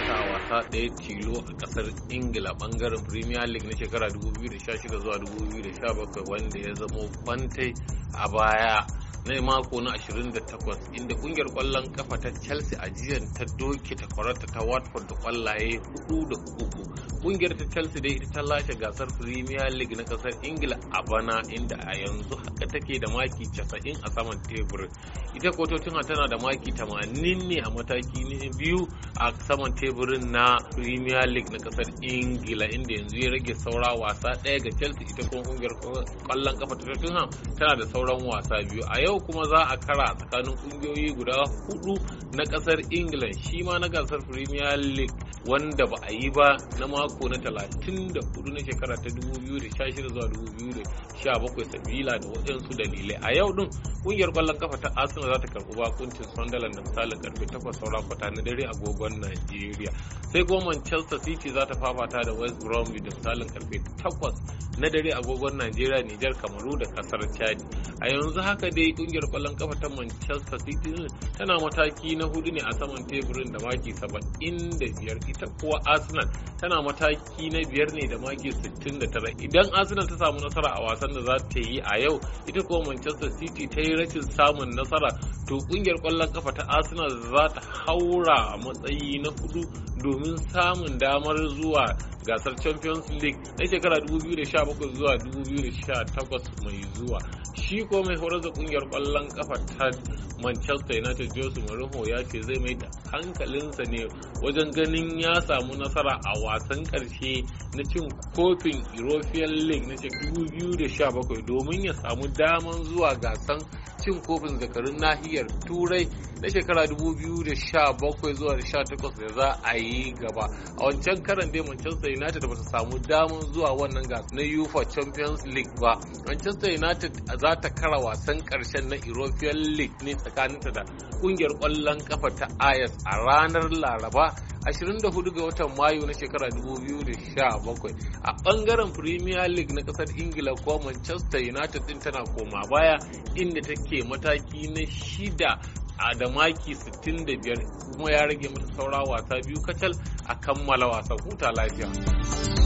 fafata a wasa ɗaya tilo a ƙasar ingila ɓangaren premier league na shekara 2016 zuwa 2017 wanda ya zamo kwantai a baya na mako na 28 inda kungiyar kwallon kafa ta chelsea a ta doke ta kwararta ta watford da kwallaye 4 da 3 kungiyar ta chelsea dai ita ta lashe gasar premier league na kasar ingila a bana inda a yanzu haka take da maki 90 a saman tebur ita kwatocin tana da maki 80 ne a mataki biyu a saman teburin na premier league na kasar ingila inda yanzu ya rage saura wasa ɗaya ga chelsea ita kuma kungiyar kwallon kafa ta tottenham tana da sauran wasa biyu a yau kuma za a kara tsakanin kungiyoyi guda hudu na kasar ingila shi ma na gasar premier league wanda ba a yi ba na mako na 34 na shekara ta 2016 zuwa 2017 sabila da waɗansu dalilai a yau din kungiyar kwallon kafa ta arsenal za ta karɓi bakuncin sunderland da misalin karfe 8 saura kwata na dare agogon agogon Nigeria Sai kuma Manchester City za ta fafata da West Bromwich da misalin karfe 8 na dare agogon Nigeria Nijar, Kamaru da kasar Chad. A yanzu haka dai kungiyar kwallon kafa ta Manchester City tana mataki na hudu ne a saman teburin da maki 75 ita kuwa Arsenal tana mataki na biyar ne da maki 69 idan Arsenal ta samu nasara a wasan da za ta yi a yau ita kuwa Manchester City ta yi rashin samun nasara to kungiyar kwallon kafa ta arsenal za ta haura a matsayi na hudu domin samun damar zuwa gasar champions league na shekara 2017 zuwa 2018 mai zuwa shi ko mai horar da kungiyar kwallon kafa ta manchester united jose mourinho ya ce zai mai da hankalinsa ne wajen ganin ya samu nasara a wasan karshe na cin kofin european league na shekara 2017 domin ya samu damar zuwa gasar. cin kofin zakarun nahiyar turai na shekara 2017 zuwa 2018 da za a yi gaba a wancan karan dai manchester united ba ta samu damar zuwa wannan gasa na ufa champions league ba manchester united za ta kara wasan karshen na european league ne tsakaninta da kungiyar kwallon kafa ta ayas a ranar laraba 24 ga watan mayu na shekara 2017 a bangaren premier league na kasar ingila kuwa manchester united din tana koma baya inda take mataki na shida a da maki 65 kuma ya rage mata saura wasa biyu kacal a kammala wasa huta lafiya.